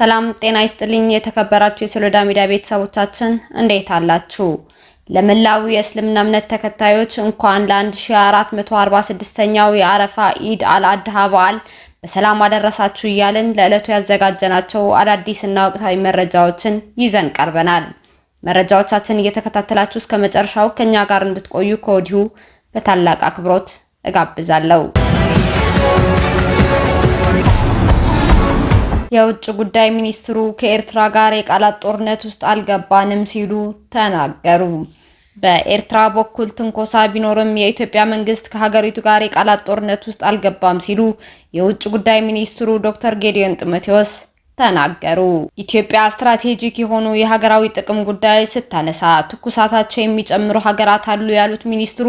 ሰላም ጤና ይስጥልኝ። የተከበራችሁ የሶሎዳ ሚዲያ ቤተሰቦቻችን እንዴት አላችሁ? ለመላው የእስልምና እምነት ተከታዮች እንኳን ለ1446ኛው የአረፋ ኢድ አልአድሃ በዓል በሰላም አደረሳችሁ እያልን ለዕለቱ ያዘጋጀናቸው አዳዲስ እና ወቅታዊ መረጃዎችን ይዘን ቀርበናል። መረጃዎቻችን እየተከታተላችሁ እስከ መጨረሻው ከእኛ ጋር እንድትቆዩ ከወዲሁ በታላቅ አክብሮት እጋብዛለሁ። የውጭ ጉዳይ ሚኒስትሩ ከኤርትራ ጋር የቃላት ጦርነት ውስጥ አልገባንም ሲሉ ተናገሩ። በኤርትራ በኩል ትንኮሳ ቢኖርም የኢትዮጵያ መንግስት ከሀገሪቱ ጋር የቃላት ጦርነት ውስጥ አልገባም ሲሉ የውጭ ጉዳይ ሚኒስትሩ ዶክተር ጌዲዮን ጢሞቴዎስ ተናገሩ። ኢትዮጵያ ስትራቴጂክ የሆኑ የሀገራዊ ጥቅም ጉዳዮች ስታነሳ ትኩሳታቸው የሚጨምሩ ሀገራት አሉ ያሉት ሚኒስትሩ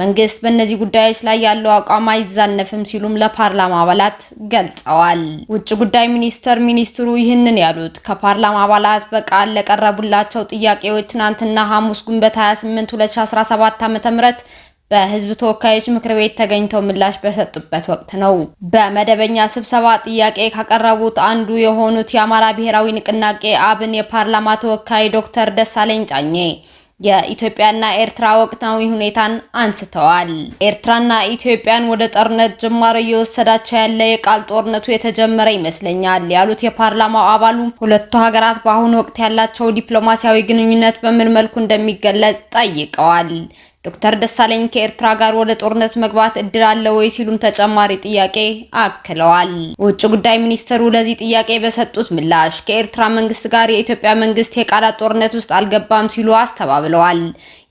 መንግስት በእነዚህ ጉዳዮች ላይ ያለው አቋም አይዛነፍም ሲሉም ለፓርላማ አባላት ገልጸዋል። ውጭ ጉዳይ ሚኒስተር ሚኒስትሩ ይህንን ያሉት ከፓርላማ አባላት በቃል ለቀረቡላቸው ጥያቄዎች ትናንትና ሐሙስ ግንቦት 28 2017 ዓ.ም በህዝብ ተወካዮች ምክር ቤት ተገኝተው ምላሽ በሰጡበት ወቅት ነው። በመደበኛ ስብሰባ ጥያቄ ካቀረቡት አንዱ የሆኑት የአማራ ብሔራዊ ንቅናቄ አብን የፓርላማ ተወካይ ዶክተር ደሳለኝ ጫኜ የኢትዮጵያና ኤርትራ ወቅታዊ ሁኔታን አንስተዋል። ኤርትራና ኢትዮጵያን ወደ ጦርነት ጅማሮ እየወሰዳቸው ያለ የቃል ጦርነቱ የተጀመረ ይመስለኛል ያሉት የፓርላማው አባሉ ሁለቱ ሀገራት በአሁኑ ወቅት ያላቸው ዲፕሎማሲያዊ ግንኙነት በምን መልኩ እንደሚገለጽ ጠይቀዋል። ዶክተር ደሳለኝ ከኤርትራ ጋር ወደ ጦርነት መግባት እድል አለ ወይ ሲሉም ተጨማሪ ጥያቄ አክለዋል። ውጭ ጉዳይ ሚኒስትሩ ለዚህ ጥያቄ በሰጡት ምላሽ ከኤርትራ መንግስት ጋር የኢትዮጵያ መንግስት የቃላት ጦርነት ውስጥ አልገባም ሲሉ አስተባብለዋል።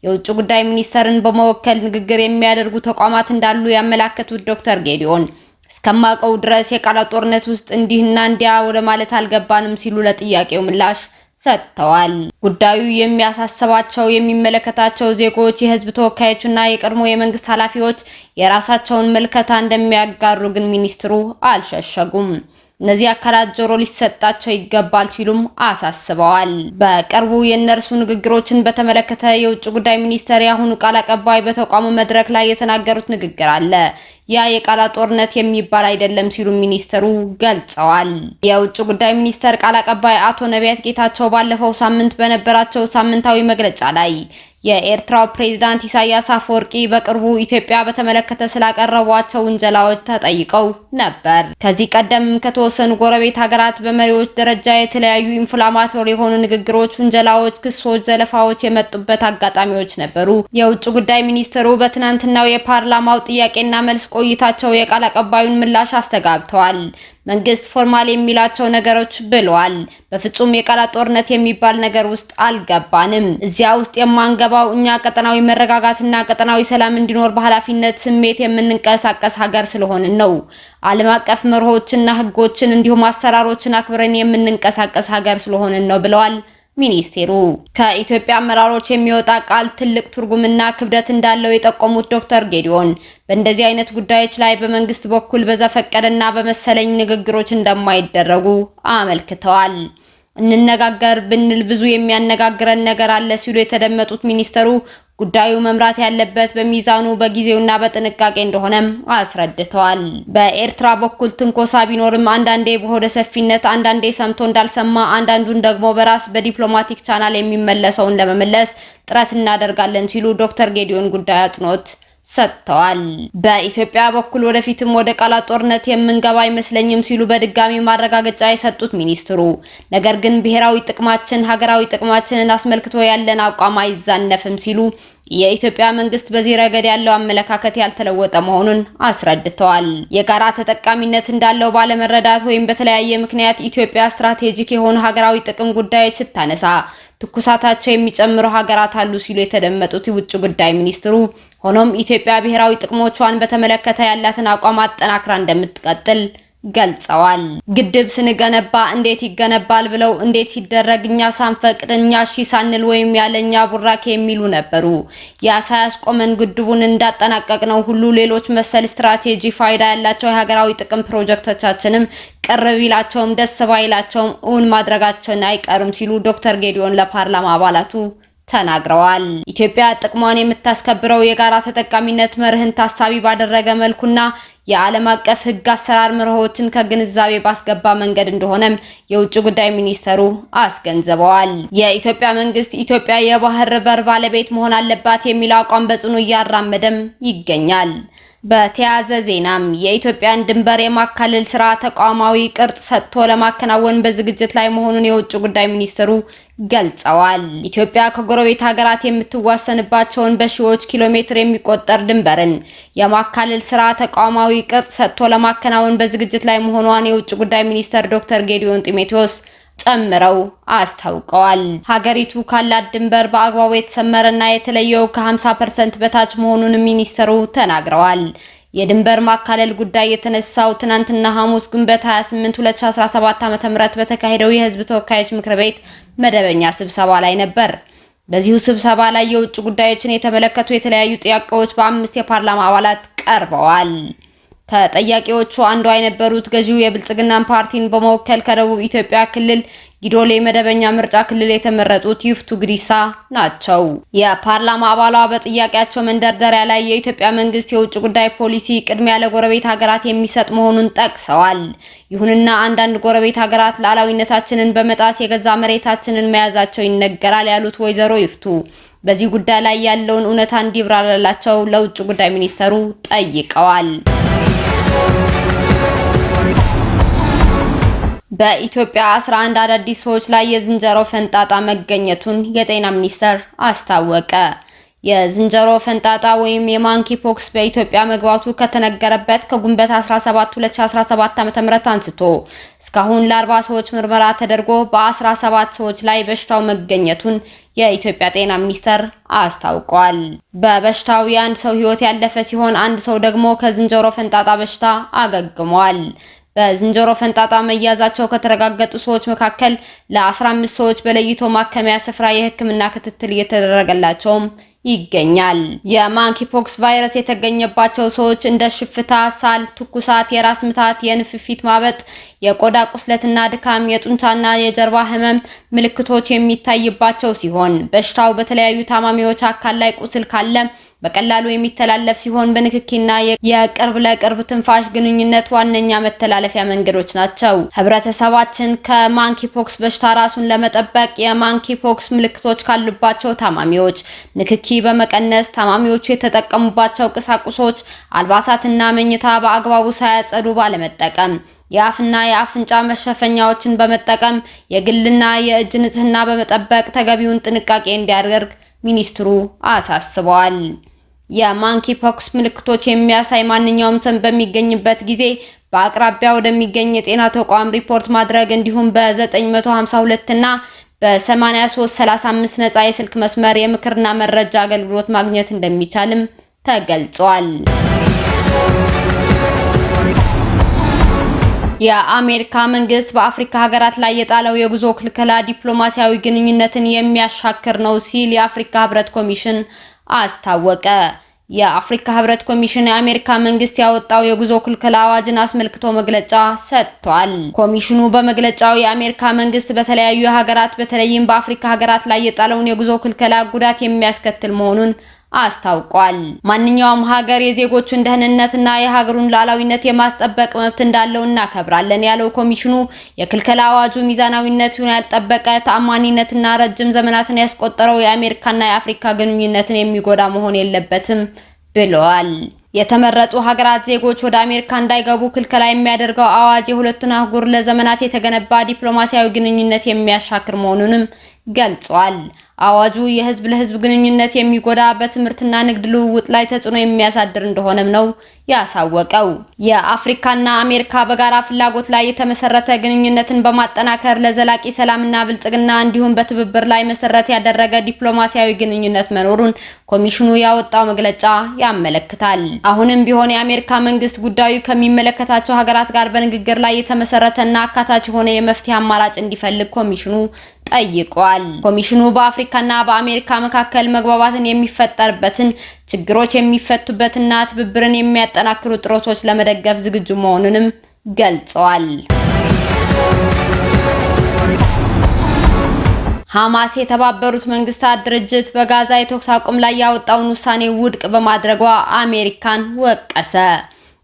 የውጭ ጉዳይ ሚኒስተርን በመወከል ንግግር የሚያደርጉ ተቋማት እንዳሉ ያመላከቱት ዶክተር ጌዲዮን እስከማውቀው ድረስ የቃላት ጦርነት ውስጥ እንዲህና እንዲያ ወደ ማለት አልገባንም ሲሉ ለጥያቄው ምላሽ ሰጥተዋል። ጉዳዩ የሚያሳስባቸው የሚመለከታቸው ዜጎች፣ የህዝብ ተወካዮችና የቀድሞ የመንግስት ኃላፊዎች የራሳቸውን ምልከታ እንደሚያጋሩ ግን ሚኒስትሩ አልሸሸጉም። እነዚህ አካላት ጆሮ ሊሰጣቸው ይገባል ሲሉም አሳስበዋል። በቅርቡ የእነርሱ ንግግሮችን በተመለከተ የውጭ ጉዳይ ሚኒስቴር የአሁኑ ቃል አቀባይ በተቋሙ መድረክ ላይ የተናገሩት ንግግር አለ። ያ የቃላት ጦርነት የሚባል አይደለም ሲሉ ሚኒስተሩ ገልጸዋል። የውጭ ጉዳይ ሚኒስተር ቃል አቀባይ አቶ ነቢያት ጌታቸው ባለፈው ሳምንት በነበራቸው ሳምንታዊ መግለጫ ላይ የኤርትራው ፕሬዝዳንት ኢሳያስ አፈወርቂ በቅርቡ ኢትዮጵያ በተመለከተ ስላቀረቧቸው ውንጀላዎች ተጠይቀው ነበር። ከዚህ ቀደም ከተወሰኑ ጎረቤት ሀገራት በመሪዎች ደረጃ የተለያዩ ኢንፍላማቶሪ የሆኑ ንግግሮች፣ ውንጀላዎች፣ ክሶች፣ ዘለፋዎች የመጡበት አጋጣሚዎች ነበሩ። የውጭ ጉዳይ ሚኒስትሩ በትናንትናው የፓርላማው ጥያቄና መልስ ቆይታቸው የቃል አቀባዩን ምላሽ አስተጋብተዋል። መንግስት ፎርማል የሚላቸው ነገሮች ብለዋል። በፍጹም የቃላት ጦርነት የሚባል ነገር ውስጥ አልገባንም። እዚያ ውስጥ የማንገባው እኛ ቀጠናዊ መረጋጋትና ቀጠናዊ ሰላም እንዲኖር በኃላፊነት ስሜት የምንንቀሳቀስ ሀገር ስለሆንን ነው። ዓለም አቀፍ መርሆችና ህጎችን እንዲሁም አሰራሮችን አክብረን የምንንቀሳቀስ ሀገር ስለሆንን ነው ብለዋል። ሚኒስቴሩ ከኢትዮጵያ አመራሮች የሚወጣ ቃል ትልቅ ትርጉምና ክብደት እንዳለው የጠቆሙት ዶክተር ጌዲዮን በእንደዚህ አይነት ጉዳዮች ላይ በመንግስት በኩል በዘፈቀደና በመሰለኝ ንግግሮች እንደማይደረጉ አመልክተዋል። እንነጋገር ብንል ብዙ የሚያነጋግረን ነገር አለ ሲሉ የተደመጡት ሚኒስተሩ ጉዳዩ መምራት ያለበት በሚዛኑ በጊዜውና በጥንቃቄ እንደሆነም አስረድተዋል። በኤርትራ በኩል ትንኮሳ ቢኖርም አንዳንዴ በሆደ ሰፊነት፣ አንዳንዴ ሰምቶ እንዳልሰማ፣ አንዳንዱን ደግሞ በራስ በዲፕሎማቲክ ቻናል የሚመለሰውን ለመመለስ ጥረት እናደርጋለን ሲሉ ዶክተር ጌዲዮን ጉዳይ አጽንኦት ሰጥተዋል። በኢትዮጵያ በኩል ወደፊትም ወደ ቃላት ጦርነት የምንገባ አይመስለኝም ሲሉ በድጋሚ ማረጋገጫ የሰጡት ሚኒስትሩ ነገር ግን ብሔራዊ ጥቅማችን፣ ሀገራዊ ጥቅማችንን አስመልክቶ ያለን አቋም አይዛነፍም ሲሉ የኢትዮጵያ መንግስት በዚህ ረገድ ያለው አመለካከት ያልተለወጠ መሆኑን አስረድተዋል። የጋራ ተጠቃሚነት እንዳለው ባለመረዳት ወይም በተለያየ ምክንያት ኢትዮጵያ ስትራቴጂክ የሆኑ ሀገራዊ ጥቅም ጉዳዮች ስታነሳ ትኩሳታቸው የሚጨምሩ ሀገራት አሉ ሲሉ የተደመጡት የውጭ ጉዳይ ሚኒስትሩ፣ ሆኖም ኢትዮጵያ ብሔራዊ ጥቅሞቿን በተመለከተ ያላትን አቋም አጠናክራ እንደምትቀጥል ገልጸዋል። ግድብ ስንገነባ እንዴት ይገነባል ብለው እንዴት ሲደረግ እኛ ሳንፈቅድ እኛ እሺ ሳንል ወይም ያለኛ ቡራኬ የሚሉ ነበሩ። ያ ሳያስቆመን ግድቡን እንዳጠናቀቅ ነው ሁሉ ሌሎች መሰል ስትራቴጂ ፋይዳ ያላቸው የሀገራዊ ጥቅም ፕሮጀክቶቻችንም ቅር ቢላቸውም ደስ ባይላቸውም እውን ማድረጋቸውን አይቀርም ሲሉ ዶክተር ጌዲዮን ለፓርላማ አባላቱ ተናግረዋል። ኢትዮጵያ ጥቅሟን የምታስከብረው የጋራ ተጠቃሚነት መርህን ታሳቢ ባደረገ መልኩና የዓለም አቀፍ ሕግ አሰራር መርሆችን ከግንዛቤ ባስገባ መንገድ እንደሆነም የውጭ ጉዳይ ሚኒስተሩ አስገንዝበዋል። የኢትዮጵያ መንግስት ኢትዮጵያ የባህር በር ባለቤት መሆን አለባት የሚለው አቋም በጽኑ እያራመደም ይገኛል። በተያያዘ ዜናም የኢትዮጵያን ድንበር የማካለል ስራ ተቋማዊ ቅርጽ ሰጥቶ ለማከናወን በዝግጅት ላይ መሆኑን የውጭ ጉዳይ ሚኒስትሩ ገልጸዋል። ኢትዮጵያ ከጎረቤት ሀገራት የምትዋሰንባቸውን በሺዎች ኪሎ ሜትር የሚቆጠር ድንበርን የማካለል ስራ ተቋማዊ ቅርጽ ሰጥቶ ለማከናወን በዝግጅት ላይ መሆኗን የውጭ ጉዳይ ሚኒስትር ዶክተር ጌዲዮን ጢሞቴዎስ ጨምረው አስታውቀዋል። ሀገሪቱ ካላት ድንበር በአግባቡ የተሰመረና የተለየው ከ50 ፐርሰንት በታች መሆኑን ሚኒስትሩ ተናግረዋል። የድንበር ማካለል ጉዳይ የተነሳው ትናንትና ሐሙስ ግንቦት 28 2017 ዓ.ም በተካሄደው የህዝብ ተወካዮች ምክር ቤት መደበኛ ስብሰባ ላይ ነበር። በዚሁ ስብሰባ ላይ የውጭ ጉዳዮችን የተመለከቱ የተለያዩ ጥያቄዎች በአምስት የፓርላማ አባላት ቀርበዋል። ተጠያቂዎቹ አንዷ የነበሩት ገዢው የብልጽግናን ፓርቲን በመወከል ከደቡብ ኢትዮጵያ ክልል ጊዶሌ መደበኛ ምርጫ ክልል የተመረጡት ይፍቱ ግዲሳ ናቸው። የፓርላማ አባሏ በጥያቄያቸው መንደርደሪያ ላይ የኢትዮጵያ መንግስት የውጭ ጉዳይ ፖሊሲ ቅድሚያ ለጎረቤት ሀገራት የሚሰጥ መሆኑን ጠቅሰዋል። ይሁንና አንዳንድ ጎረቤት ሀገራት ሉዓላዊነታችንን በመጣስ የገዛ መሬታችንን መያዛቸው ይነገራል ያሉት ወይዘሮ ይፍቱ በዚህ ጉዳይ ላይ ያለውን እውነታ እንዲብራራላቸው ለውጭ ጉዳይ ሚኒስተሩ ጠይቀዋል። በኢትዮጵያ 11 አዳዲስ ሰዎች ላይ የዝንጀሮ ፈንጣጣ መገኘቱን የጤና ሚኒስቴር አስታወቀ። የዝንጀሮ ፈንጣጣ ወይም የማንኪ ፖክስ በኢትዮጵያ መግባቱ ከተነገረበት ከጉንበት 17 2017 ዓ.ም አንስቶ እስካሁን ለ40 ሰዎች ምርመራ ተደርጎ በ17 ሰዎች ላይ በሽታው መገኘቱን የኢትዮጵያ ጤና ሚኒስቴር አስታውቋል። በበሽታው የአንድ ሰው ህይወት ያለፈ ሲሆን አንድ ሰው ደግሞ ከዝንጀሮ ፈንጣጣ በሽታ አገግሟል። በዝንጀሮ ፈንጣጣ መያዛቸው ከተረጋገጡ ሰዎች መካከል ለ15 ሰዎች በለይቶ ማከሚያ ስፍራ የሕክምና ክትትል እየተደረገላቸውም ይገኛል። የማንኪፖክስ ቫይረስ የተገኘባቸው ሰዎች እንደ ሽፍታ፣ ሳል፣ ትኩሳት፣ የራስ ምታት፣ የንፍፊት ማበጥ፣ የቆዳ ቁስለትና ድካም፣ የጡንቻና የጀርባ ህመም ምልክቶች የሚታይባቸው ሲሆን በሽታው በተለያዩ ታማሚዎች አካል ላይ ቁስል ካለ በቀላሉ የሚተላለፍ ሲሆን በንክኪና የቅርብ ለቅርብ ትንፋሽ ግንኙነት ዋነኛ መተላለፊያ መንገዶች ናቸው። ህብረተሰባችን ከማንኪፖክስ በሽታ ራሱን ለመጠበቅ የማንኪፖክስ ምልክቶች ካሉባቸው ታማሚዎች ንክኪ በመቀነስ ታማሚዎቹ የተጠቀሙባቸው ቁሳቁሶች፣ አልባሳትና መኝታ በአግባቡ ሳያጸዱ ባለመጠቀም የአፍና የአፍንጫ መሸፈኛዎችን በመጠቀም የግልና የእጅ ንጽህና በመጠበቅ ተገቢውን ጥንቃቄ እንዲያደርግ ሚኒስትሩ አሳስበዋል። የማንኪ ፖክስ ምልክቶች የሚያሳይ ማንኛውም ሰም በሚገኝበት ጊዜ በአቅራቢያ ወደሚገኝ የጤና ተቋም ሪፖርት ማድረግ እንዲሁም በ952 እና በ8335 ነጻ የስልክ መስመር የምክርና መረጃ አገልግሎት ማግኘት እንደሚቻልም ተገልጿል። የአሜሪካ መንግስት በአፍሪካ ሀገራት ላይ የጣለው የጉዞ ክልከላ ዲፕሎማሲያዊ ግንኙነትን የሚያሻክር ነው ሲል የአፍሪካ ህብረት ኮሚሽን አስታወቀ። የአፍሪካ ህብረት ኮሚሽን የአሜሪካ መንግስት ያወጣው የጉዞ ክልከላ አዋጅን አስመልክቶ መግለጫ ሰጥቷል። ኮሚሽኑ በመግለጫው የአሜሪካ መንግስት በተለያዩ ሀገራት በተለይም በአፍሪካ ሀገራት ላይ የጣለውን የጉዞ ክልከላ ጉዳት የሚያስከትል መሆኑን አስታውቋል። ማንኛውም ሀገር የዜጎቹን ደህንነትና የሀገሩን ሉዓላዊነት የማስጠበቅ መብት እንዳለው እናከብራለን ያለው ኮሚሽኑ የክልከላ አዋጁ ሚዛናዊነቱን ያልጠበቀ ተአማኒነትና ረጅም ዘመናትን ያስቆጠረው የአሜሪካና የአፍሪካ ግንኙነትን የሚጎዳ መሆን የለበትም ብለዋል። የተመረጡ ሀገራት ዜጎች ወደ አሜሪካ እንዳይገቡ ክልከላ የሚያደርገው አዋጅ የሁለቱን አህጉር ለዘመናት የተገነባ ዲፕሎማሲያዊ ግንኙነት የሚያሻክር መሆኑንም ገልጿል። አዋጁ የህዝብ ለህዝብ ግንኙነት የሚጎዳ በትምህርትና ንግድ ልውውጥ ላይ ተጽዕኖ የሚያሳድር እንደሆነም ነው ያሳወቀው። የአፍሪካና አሜሪካ በጋራ ፍላጎት ላይ የተመሰረተ ግንኙነትን በማጠናከር ለዘላቂ ሰላምና ብልጽግና እንዲሁም በትብብር ላይ መሰረት ያደረገ ዲፕሎማሲያዊ ግንኙነት መኖሩን ኮሚሽኑ ያወጣው መግለጫ ያመለክታል። አሁንም ቢሆን የአሜሪካ መንግስት ጉዳዩ ከሚመለከታቸው ሀገራት ጋር በንግግር ላይ የተመሰረተና አካታች የሆነ የመፍትሄ አማራጭ እንዲፈልግ ኮሚሽኑ ጠይቋል። ኮሚሽኑ በአፍሪካ በአፍሪካና በአሜሪካ መካከል መግባባትን የሚፈጠርበትን ችግሮች የሚፈቱበትና ትብብርን የሚያጠናክሩ ጥረቶች ለመደገፍ ዝግጁ መሆኑንም ገልጸዋል። ሐማስ የተባበሩት መንግስታት ድርጅት በጋዛ የተኩስ አቁም ላይ ያወጣውን ውሳኔ ውድቅ በማድረጓ አሜሪካን ወቀሰ።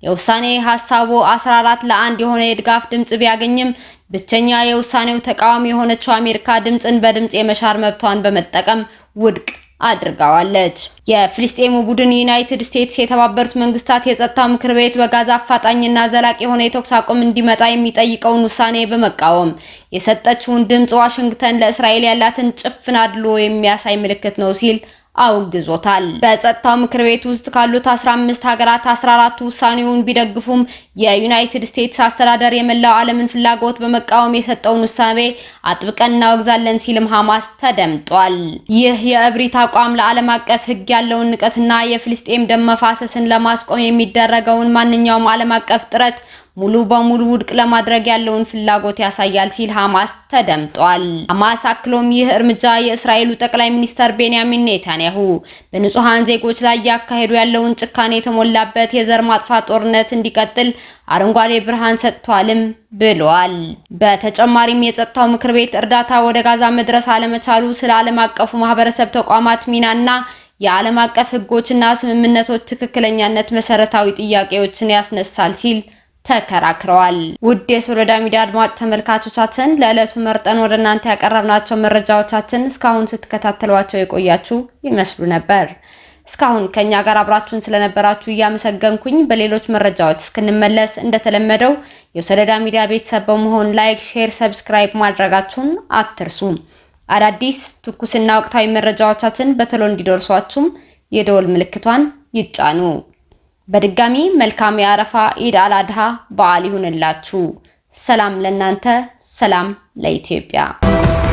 የውሳኔ ሀሳቡ 14 ለአንድ የሆነ የድጋፍ ድምጽ ቢያገኝም ብቸኛ የውሳኔው ተቃዋሚ የሆነችው አሜሪካ ድምጽን በድምጽ የመሻር መብቷን በመጠቀም ውድቅ አድርጋዋለች። የፍልስጤሙ ቡድን ዩናይትድ ስቴትስ የተባበሩት መንግስታት የጸጥታው ምክር ቤት በጋዛ አፋጣኝና ዘላቂ የሆነ የተኩስ አቁም እንዲመጣ የሚጠይቀውን ውሳኔ በመቃወም የሰጠችውን ድምጽ ዋሽንግተን ለእስራኤል ያላትን ጭፍን አድሎ የሚያሳይ ምልክት ነው ሲል አውግዞታል። በጸጥታው ምክር ቤት ውስጥ ካሉት 15 ሀገራት 14ቱ ውሳኔውን ቢደግፉም የዩናይትድ ስቴትስ አስተዳደር የመላው ዓለምን ፍላጎት በመቃወም የሰጠውን ውሳኔ አጥብቀን እናወግዛለን ሲልም ሐማስ ተደምጧል። ይህ የእብሪት አቋም ለዓለም አቀፍ ሕግ ያለውን ንቀትና የፍልስጤም ደም መፋሰስን ለማስቆም የሚደረገውን ማንኛውም ዓለም አቀፍ ጥረት ሙሉ በሙሉ ውድቅ ለማድረግ ያለውን ፍላጎት ያሳያል ሲል ሐማስ ተደምጧል። ሐማስ አክሎም ይህ እርምጃ የእስራኤሉ ጠቅላይ ሚኒስተር ቤንያሚን ኔታንያሁ በንጹሐን ዜጎች ላይ እያካሄዱ ያለውን ጭካኔ የተሞላበት የዘር ማጥፋት ጦርነት እንዲቀጥል አረንጓዴ ብርሃን ሰጥቷልም ብሏል። በተጨማሪም የጸጥታው ምክር ቤት እርዳታ ወደ ጋዛ መድረስ አለመቻሉ ስለ ዓለም አቀፉ ማህበረሰብ ተቋማት ሚናና የዓለም አቀፍ ህጎችና ስምምነቶች ትክክለኛነት መሰረታዊ ጥያቄዎችን ያስነሳል ሲል ተከራክረዋል። ውድ የሶሎዳ ሚዲያ አድማጭ ተመልካቾቻችን ለዕለቱ መርጠን ወደ እናንተ ያቀረብናቸው መረጃዎቻችን እስካሁን ስትከታተሏቸው የቆያችሁ ይመስሉ ነበር። እስካሁን ከኛ ጋር አብራችሁን ስለነበራችሁ እያመሰገንኩኝ በሌሎች መረጃዎች እስክንመለስ እንደተለመደው የሶሎዳ ሚዲያ ቤተሰብ በመሆን ላይክ፣ ሼር፣ ሰብስክራይብ ማድረጋችሁን አትርሱ። አዳዲስ ትኩስና ወቅታዊ መረጃዎቻችን በቶሎ እንዲደርሷችሁም የደወል ምልክቷን ይጫኑ። በድጋሚ መልካም የአረፋ ኢድ አልአድሃ በዓል ይሁንላችሁ። ሰላም ለእናንተ፣ ሰላም ለኢትዮጵያ።